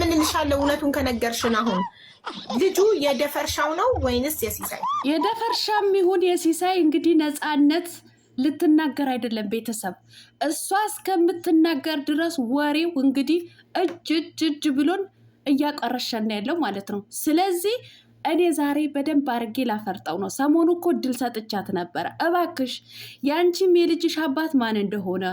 በጣም እውነቱን ከነገርሽን። አሁን ልጁ የደፈርሻው ነው ወይንስ የሲሳይ? የደፈርሻም ይሁን የሲሳይ እንግዲህ ነፃነት ልትናገር አይደለም ቤተሰብ እሷ እስከምትናገር ድረስ ወሬው እንግዲህ እጅ እጅ እጅ ብሎን እያቀረሸና ያለው ማለት ነው። ስለዚህ እኔ ዛሬ በደንብ አርጌ ላፈርጠው ነው። ሰሞኑ እኮ እድል ሰጥቻት ነበረ። እባክሽ ያንቺም የልጅሽ አባት ማን እንደሆነ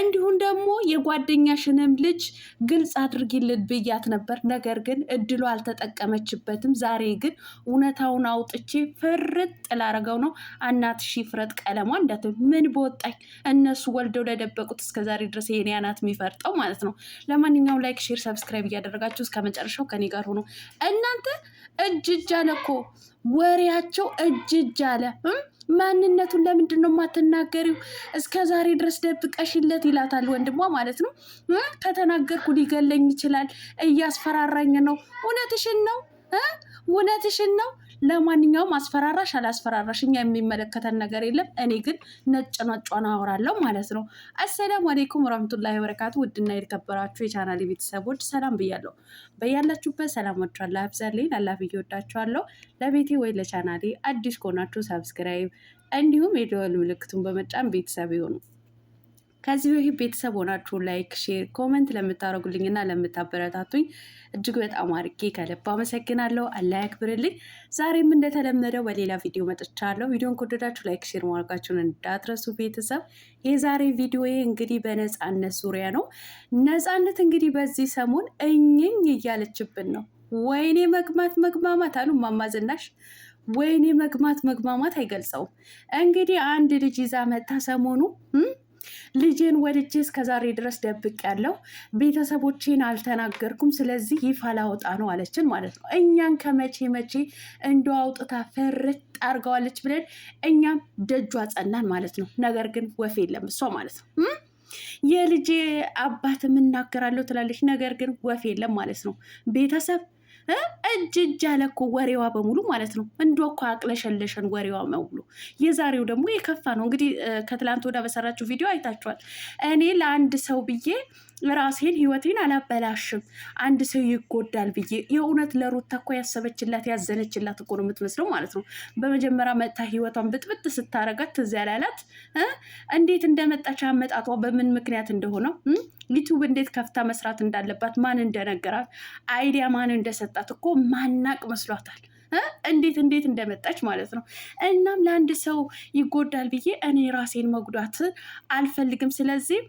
እንዲሁም ደግሞ የጓደኛሽንም ልጅ ግልጽ አድርጊልን ብያት ነበር። ነገር ግን እድሉ አልተጠቀመችበትም። ዛሬ ግን እውነታውን አውጥቼ ፍርጥ ላረገው ነው። አናትሽ ይፍረጥ ቀለሟ እንዳት ምን በወጣኝ እነሱ ወልደው ለደበቁት እስከዛሬ ድረስ የኔ አናት የሚፈርጠው ማለት ነው። ለማንኛውም ላይክ፣ ሼር፣ ሰብስክራይብ እያደረጋችሁ እስከመጨረሻው ከኔ ጋር ሆኖ እናንተ እጅ እጅ አለ እኮ ወሬያቸው እጅ እጅ አለ። ማንነቱን ለምንድን ነው የማትናገሪው? እስከ ዛሬ ድረስ ደብቀሽለት ይላታል ወንድሟ ማለት ነው። ከተናገርኩ ሊገለኝ ይችላል፣ እያስፈራራኝ ነው። እውነትሽን ነው፣ እውነትሽን ነው ለማንኛውም አስፈራራሽ አላስፈራራሽ እኛ የሚመለከተን ነገር የለም። እኔ ግን ነጭ ነጯን አወራለሁ ማለት ነው። አሰላሙ አሌይኩም ወራህመቱላሂ ወበረካቱ። ውድና የተከበራችሁ የቻናል ቤተሰቦች ሰላም ብያለሁ። በያላችሁበት ሰላማችሁ አላህ ያብዛልኝ። ላላህ ብዬ ለቤቴ ወይ ለቻናሌ አዲስ ከሆናችሁ ሰብስክራይብ እንዲሁም የደወል ምልክቱን በመጫን ቤተሰብ ይሆኑ። ከዚህ በፊት ቤተሰብ ሆናችሁ ላይክ፣ ሼር፣ ኮመንት ለምታደረጉልኝና ለምታበረታቱኝ እጅግ በጣም አርጌ ከልብ አመሰግናለሁ። አላህ ያክብርልኝ። ዛሬም እንደተለመደው በሌላ ቪዲዮ መጥቻለሁ። ቪዲዮን ከወደዳችሁ ላይክ፣ ሼር ማድረጋችሁን እንዳትረሱ ቤተሰብ። የዛሬ ቪዲዮ እንግዲህ በነፃነት ዙሪያ ነው። ነፃነት እንግዲህ በዚህ ሰሞን እኝኝ እያለችብን ነው። ወይኔ መግማት መግማማት አሉ እማማ ወይኔ መግማት መግማማት አይገልጸውም። እንግዲህ አንድ ልጅ ይዛ መታ ሰሞኑ ልጄን ወድጄ እስከዛሬ ድረስ ደብቅ ያለው ቤተሰቦቼን አልተናገርኩም። ስለዚህ ይፋ ላወጣ ነው አለችን ማለት ነው። እኛን ከመቼ መቼ እንደ አውጥታ ፈርጥ አርገዋለች ብለን እኛም ደጇ ጸናን ማለት ነው። ነገር ግን ወፍ የለም እሷ ማለት ነው። የልጄ አባት የምናገራለሁ ትላለች። ነገር ግን ወፍ የለም ማለት ነው ቤተሰብ እጅ እጅ ያለ እኮ ወሬዋ በሙሉ ማለት ነው። እንዶ እኮ አቅለሸለሸን ወሬዋ በሙሉ። የዛሬው ደግሞ የከፋ ነው። እንግዲህ ከትላንት ወዳ በሰራችው ቪዲዮ አይታችኋል። እኔ ለአንድ ሰው ብዬ ራሴን ህይወቴን አላበላሽም፣ አንድ ሰው ይጎዳል ብዬ የእውነት ለሩታ እኮ ያሰበችላት ያዘነችላት እኮ ነው የምትመስለው ማለት ነው። በመጀመሪያ መጥታ ህይወቷን ብጥብጥ ስታረጋት ትዝ ያላላት እንዴት እንደመጣች አመጣቷ በምን ምክንያት እንደሆነው ዩቱብ እንዴት ከፍታ መስራት እንዳለባት ማን እንደነገራት አይዲያ ማን እንደሰጣት እኮ ማናቅ መስሏታል። እንዴት እንዴት እንደመጣች ማለት ነው። እናም ለአንድ ሰው ይጎዳል ብዬ እኔ ራሴን መጉዳት አልፈልግም። ስለዚህ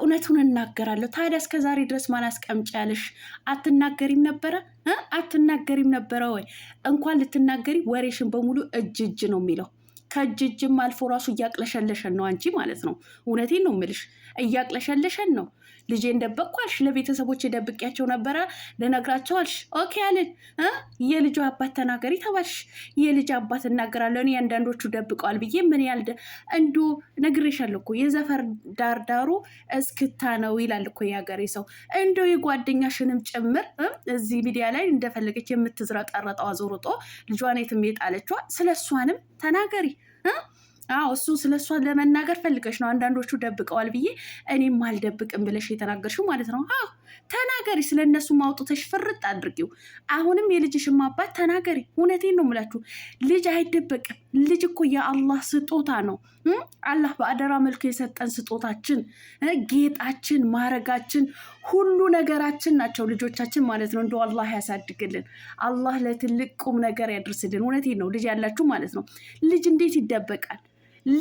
እውነቱን እናገራለሁ። ታዲያ እስከ ዛሬ ድረስ ማን አስቀምጫ ያለሽ? አትናገሪም ነበረ አትናገሪም ነበረ ወይ? እንኳን ልትናገሪ ወሬሽን በሙሉ እጅ እጅ ነው የሚለው ከእጅ አልፎ ራሱ እያቅለሸለሸን ነው። አንቺ ማለት ነው እውነቴን ነው ምልሽ፣ እያቅለሸለሸን ነው። ልጄን ደበቅኳልሽ፣ ለቤተሰቦች የደብቄያቸው ነበረ ልነግራቸው አልሽ። ኦኬ አልን። የልጁ አባት ተናገሪ ተባልሽ። የልጅ አባት እናገራለሁ እኔ አንዳንዶቹ ደብቀዋል ብዬ ምን ያል እንዱ ነግሬሻለሁ እኮ የዘፈር ዳርዳሩ እስክታ ነው ይላል እኮ የሀገሬ ሰው። እንዶ የጓደኛሽንም ጭምር እዚህ ሚዲያ ላይ እንደፈለገች የምትዝረጠረጠው አዞርጦ ልጇን የትም የጣለችዋ ስለ እሷንም ተናገሪ። አዎ እሱ ስለ እሷ ለመናገር ፈልገሽ ነው። አንዳንዶቹ ደብቀዋል ብዬ እኔም አልደብቅም ብለሽ የተናገርሽው ማለት ነው። አዎ ተናገሪ፣ ስለ እነሱ ማውጡተሽ ፍርጥ አድርጊው። አሁንም የልጅሽም አባት ተናገሪ። እውነቴን ነው የምላችሁ፣ ልጅ አይደበቅም። ልጅ እኮ የአላህ ስጦታ ነው። አላህ በአደራ መልኩ የሰጠን ስጦታችን፣ ጌጣችን፣ ማረጋችን ሁሉ ነገራችን ናቸው ልጆቻችን ማለት ነው። እንደው አላህ ያሳድግልን። አላህ ለትልቅ ቁም ነገር ያድርስልን። እውነቴን ነው። ልጅ ያላችሁ ማለት ነው። ልጅ እንዴት ይደበቃል?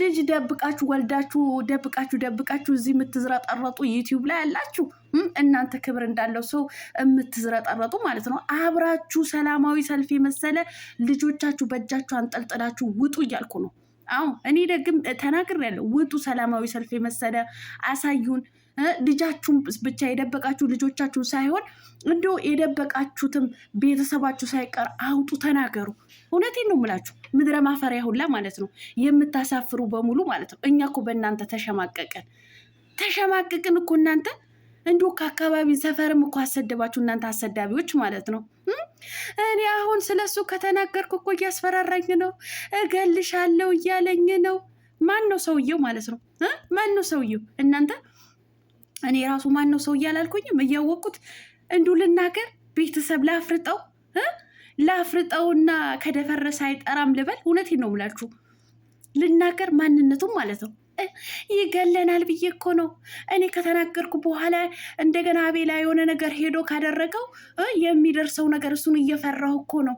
ልጅ ደብቃችሁ ወልዳችሁ ደብቃችሁ ደብቃችሁ እዚህ የምትዝረጠረጡ ዩቲዩብ ላይ ያላችሁ እናንተ ክብር እንዳለው ሰው የምትዝረጠረጡ ማለት ነው። አብራችሁ ሰላማዊ ሰልፍ የመሰለ ልጆቻችሁ በእጃችሁ አንጠልጥላችሁ ውጡ እያልኩ ነው። አዎ እኔ ደግም ተናግሬያለሁ። ውጡ፣ ሰላማዊ ሰልፍ የመሰለ አሳዩን። ልጃችሁን ብቻ የደበቃችሁ ልጆቻችሁን ሳይሆን እንዲ የደበቃችሁትም ቤተሰባችሁ ሳይቀር አውጡ፣ ተናገሩ። እውነቴን ነው የምላችሁ፣ ምድረ ማፈሪያ ሁላ ማለት ነው የምታሳፍሩ በሙሉ ማለት ነው። እኛ እኮ በእናንተ ተሸማቀቅን፣ ተሸማቀቅን እኮ እናንተ እንዲሁ ከአካባቢ ሰፈርም እኮ አሰደባችሁ እናንተ አሰዳቢዎች ማለት ነው። እኔ አሁን ስለሱ ከተናገርኩ እኮ እያስፈራራኝ ነው፣ እገልሻለሁ እያለኝ ነው። ማን ነው ሰውየው ማለት ነው? ማን ነው ሰውየው? እናንተ እኔ ራሱ ማን ነው ሰውዬ አላልኩኝም። እያወቅኩት እንዱ ልናገር፣ ቤተሰብ ላፍርጠው፣ ላፍርጠውና ከደፈረሰ አይጠራም ልበል። እውነቴን ነው የምላችሁ ልናገር ማንነቱም ማለት ነው። ይገለናል ብዬ እኮ ነው እኔ ከተናገርኩ በኋላ እንደገና አቤላ የሆነ ነገር ሄዶ ካደረገው የሚደርሰው ነገር እሱን እየፈራሁ እኮ ነው።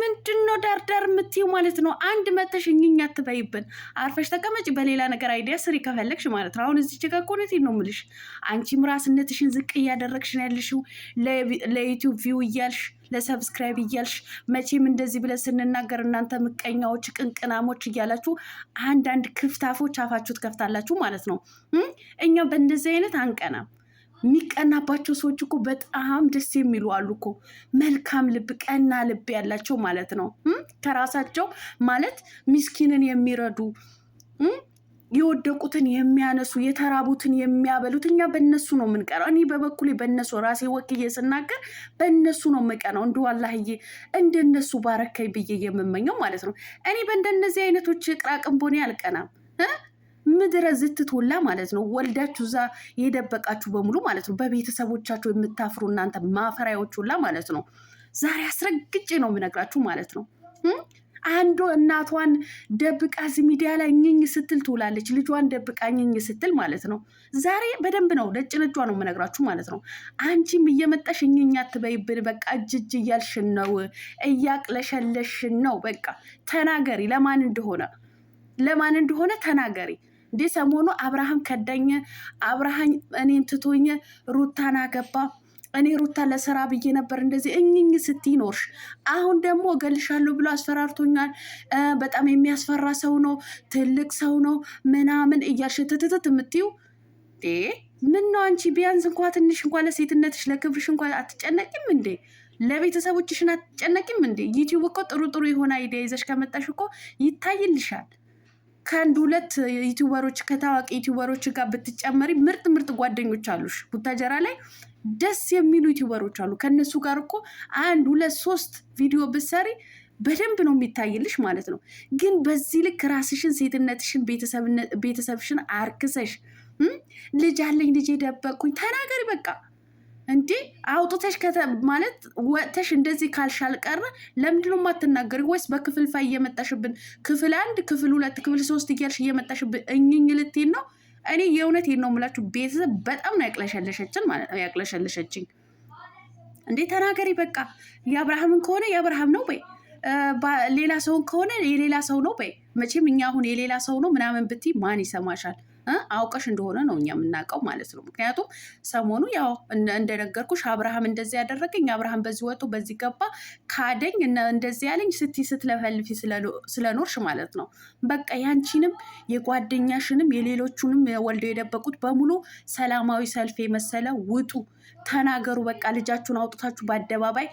ምንድን ነው ዳርዳር የምትይው ማለት ነው? አንድ መተሽ እኝኛ አትበይብን። አርፈሽ ተቀመጭ። በሌላ ነገር አይዲያ ስሪ ከፈለግሽ ማለት ነው። አሁን እዚህ ጀጋ ቆነት ነው ምልሽ። አንቺም ራስነትሽን ዝቅ እያደረግሽ ነው ያልሽው፣ ለዩቲዩብ ቪው እያልሽ ለሰብስክራይብ እያልሽ መቼም እንደዚህ ብለን ስንናገር እናንተ ምቀኛዎች፣ ቅንቅናሞች እያላችሁ አንዳንድ ክፍታፎች አፋችሁ ትከፍታላችሁ ማለት ነው። እኛ በእንደዚህ አይነት አንቀናም። የሚቀናባቸው ሰዎች እኮ በጣም ደስ የሚሉ አሉ እኮ መልካም ልብ፣ ቀና ልብ ያላቸው ማለት ነው። ከራሳቸው ማለት ሚስኪንን የሚረዱ የወደቁትን የሚያነሱ የተራቡትን የሚያበሉት እኛ በእነሱ ነው የምንቀናው። እኔ በበኩሌ በእነሱ ራሴ ወክዬ ስናገር በእነሱ ነው የምቀናው። እንዲ ዋላህዬ እንደነሱ ባረካይ ብዬ የምመኘው ማለት ነው። እኔ በእንደነዚህ አይነቶች ቅራቅንቦኔ አልቀናም። ምድረ ዝትትውላ ማለት ነው። ወልዳችሁ እዛ የደበቃችሁ በሙሉ ማለት ነው። በቤተሰቦቻችሁ የምታፍሩ እናንተ ማፈሪያዎች ሁላ ማለት ነው። ዛሬ አስረግጬ ነው የምነግራችሁ ማለት ነው። አንዱ እናቷን ደብቃ እዚህ ሚዲያ ላይ እኝኝ ስትል ትውላለች። ልጇን ደብቃ እኝኝ ስትል ማለት ነው። ዛሬ በደንብ ነው ነጭ ልጇ ነው የምነግራችሁ ማለት ነው። አንቺም እየመጣሽ እኝኛ አትበይብን፣ በቃ እጅጅ እያልሽን ነው፣ እያቅለሸለሽን ነው። በቃ ተናገሪ፣ ለማን እንደሆነ ለማን እንደሆነ ተናገሪ። እንዴ ሰሞኑ አብርሃም ከዳኝ፣ አብርሃም እኔን ትቶኝ ሩታን አገባ። እኔ ሩታ ለስራ ብዬ ነበር እንደዚህ እኝኝ ስትይ ኖርሽ። አሁን ደግሞ እገልሻለሁ ብሎ አስፈራርቶኛል። በጣም የሚያስፈራ ሰው ነው፣ ትልቅ ሰው ነው ምናምን እያልሽ ትትትት የምትይው ምን ነው አንቺ? ቢያንስ እንኳ ትንሽ እንኳ ለሴትነትሽ ለክብርሽ እንኳ አትጨነቂም እንዴ? ለቤተሰቦችሽን አትጨነቂም እንዴ? ዩቲዩብ እኮ ጥሩ ጥሩ የሆነ አይዲያ ይዘሽ ከመጣሽ እኮ ይታይልሻል። ከአንድ ሁለት ዩቲዩበሮች ከታዋቂ ዩቲዩበሮች ጋር ብትጨመሪ ምርጥ ምርጥ ጓደኞች አሉሽ። ቡታጀራ ላይ ደስ የሚሉ ዩቲዩበሮች አሉ። ከእነሱ ጋር እኮ አንድ ሁለት ሶስት ቪዲዮ ብትሰሪ በደንብ ነው የሚታይልሽ ማለት ነው። ግን በዚህ ልክ ራስሽን፣ ሴትነትሽን፣ ቤተሰብሽን አርክሰሽ ልጅ አለኝ ልጅ የደበቅኩኝ ተናገሪ በቃ እንዴ አውጥተሽ ማለት ወጥተሽ እንደዚህ ካልሽ አልቀረ ለምንድነው የማትናገሪ? ወይስ ፋይ እየመጣሽብን ክፍል አንድ ክፍል ሁለት ክፍል ሶስት እያልሽ እየመጣሽብን እኝኝ ልትይን ነው? እኔ የእውነቴን ነው የምላችሁ ቤተሰብ በጣም ነው ያቅለሸለሸችን ማለት ነው ያቅለሸለሸችኝ። እንዴ ተናገሪ በቃ። የአብርሃምን ከሆነ የአብርሃም ነው በይ፣ ሌላ ሰውን ከሆነ የሌላ ሰው ነው በይ። መቼም እኛ አሁን የሌላ ሰው ነው ምናምን ብትይ ማን ይሰማሻል? አውቀሽ እንደሆነ ነው እኛ የምናውቀው ማለት ነው። ምክንያቱም ሰሞኑ ያው እንደነገርኩሽ አብርሃም እንደዚህ ያደረገኝ አብርሃም በዚህ ወጡ በዚህ ገባ ካደኝ እንደዚህ ያለኝ ስቲ ስትለፈልፊ ስለኖርሽ ማለት ነው። በቃ ያንቺንም የጓደኛሽንም የሌሎቹንም ወልደው የደበቁት በሙሉ ሰላማዊ ሰልፍ የመሰለ ውጡ፣ ተናገሩ። በቃ ልጃችሁን አውጥታችሁ በአደባባይ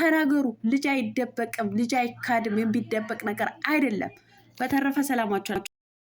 ተናገሩ። ልጅ አይደበቅም፣ ልጅ አይካድም። የሚደበቅ ነገር አይደለም። በተረፈ ሰላማችሁ